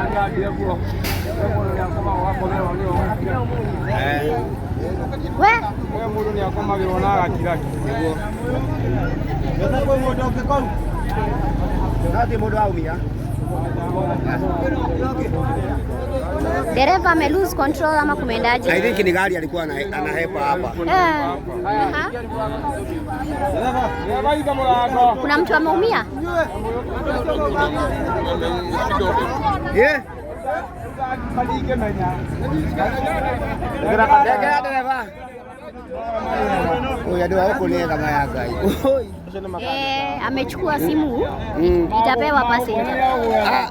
we mundu ni akomagirwo na agakira kiguo kwä mundu å ngä korwo no atä mundu aumia dereva ame lose control ama kumeendaje? I think ni gari alikuwa anahepa hapa. Eh. Kuna mtu ameumia? Eh, amechukua simu mm. itapewa passenger. Ah.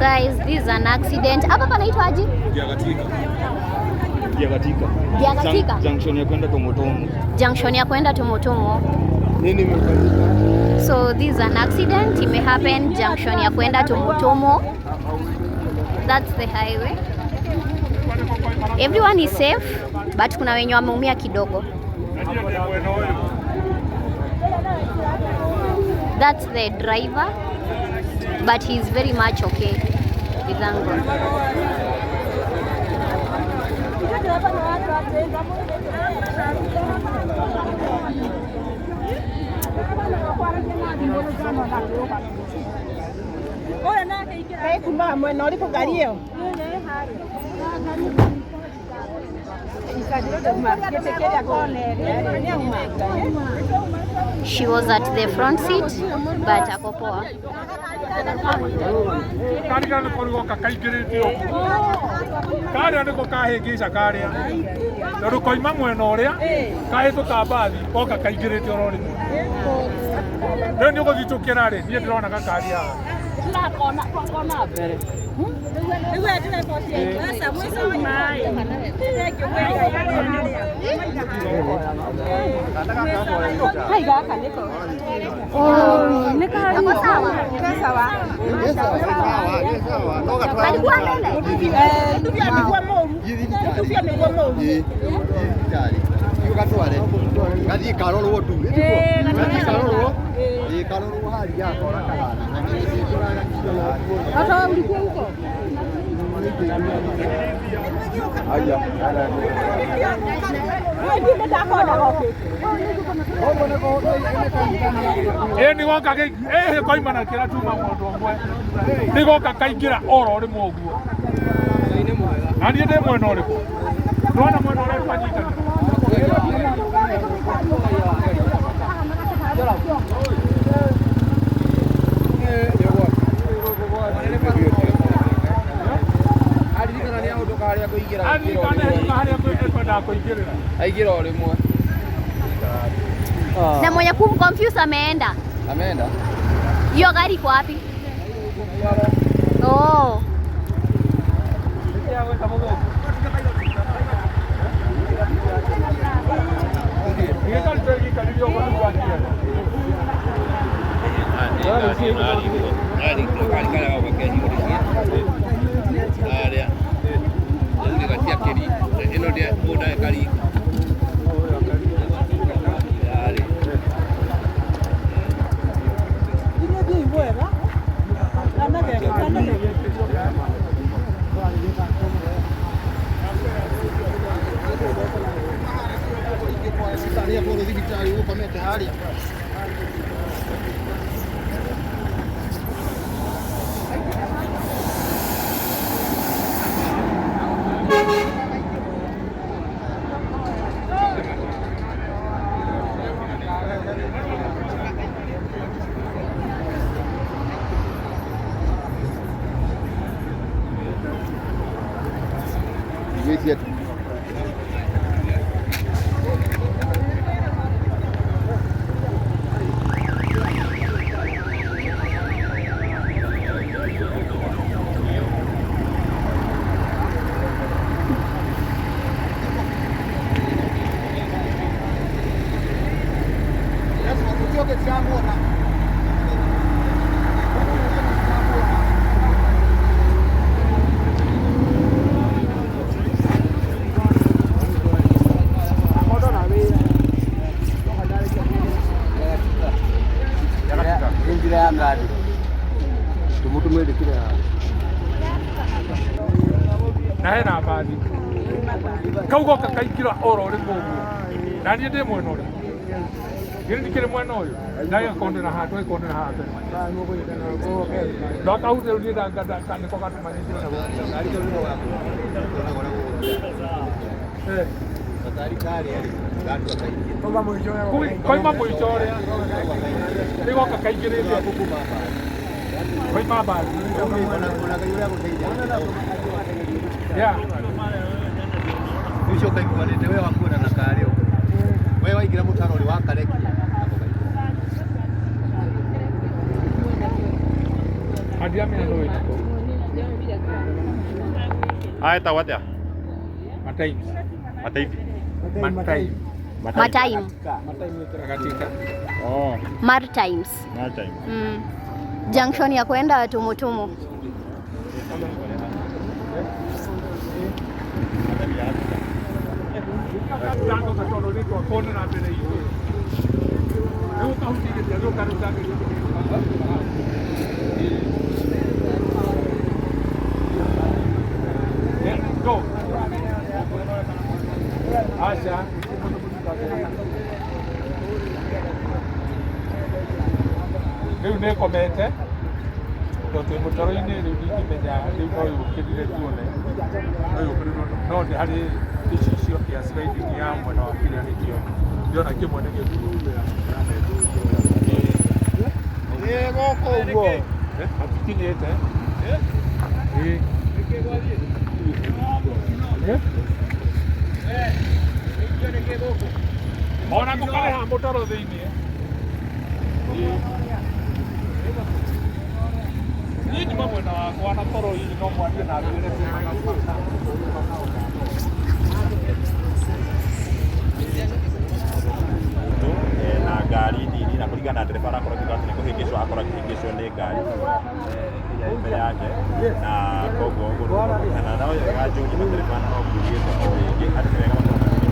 guys, this is an accident. Hapa panaitwa aje? Diagatika. Diagatika. Junction ya kwenda Tomotomo. Junction ya kwenda Tomotomo. Nini imefanyika? So this is an accident. It may happen junction ya kwenda Tomotomo. That's the highway. Everyone is safe but kuna wenye wameumia kidogo. that's the driver but he's very much okay we thank God She was at the front seat but ako poa. Karĩa nĩ kũrugoka kaingĩrĩtio karĩa nĩko kahĩngĩca karĩa na koima mwena ũrĩa kahĩtũka mbathi goka kaingĩrĩtio rori rĩu nĩ ũgũthitũkĩra rĩ niĩ ndĩrona gakari haha la corona, con corona, a ver. Oh, gatware gathii karorwo tu karorwo karorwo hari yakora kahana gataurikwo huko Aya. ä nä goka hä koima na kä ra tuma må ndå mwe nä goka kaingä ra oro rä mwe å guo na niä ndä mwena å rä kå ndona mwena å rä a twanyitanä aingĩra o rĩmwe na mwenye kumconfuse ameenda ameenda hiyo gari iko wapi oh hapo udhibiti huko pamete hali hapa 给加过呢。n a h e n a mbathi kaugoka kaikira oro ri kuguo nanie ndi mwena ũrĩa nditikire mwena uyu ndage kondera handu ikondera handu ndakahuthirurie kaniko gatumanyithie koima mwico uria rigoka kaingirite koima mbari yeah. Mwisho kaikuanete wakuona na kari we waingire mutano ri wa aetagwo atia mataivi Matime. Oh. Martimes. Mm. Junction ya kwenda tumutumu u riu komete tondũ mũtaro-inĩ rĩu ndingĩmenya rĩu no yũkĩrire tuone no yũkĩrire no nĩ harĩ gĩcicio kĩa sliding ya mwena wa kĩrĩa nĩkĩo ndĩrona kĩmwe nĩ gĩkuruura ĩ gũkũ ũguo hatikinyĩte ĩ ona gũkarĩha mũtaro thĩinĩ Twiti mwena wakwa na koro hili no mwarie na andũ ngari nini na kũringana na dereba arakorwo akiuga atĩ nĩ kũhĩngĩcwo akorwo akĩhĩngĩcwo nĩ ngari ĩrĩa mbere yake na koguo ũguo kana no wega njũri matereba no kuugĩte o rĩngĩ atĩ wega makorwo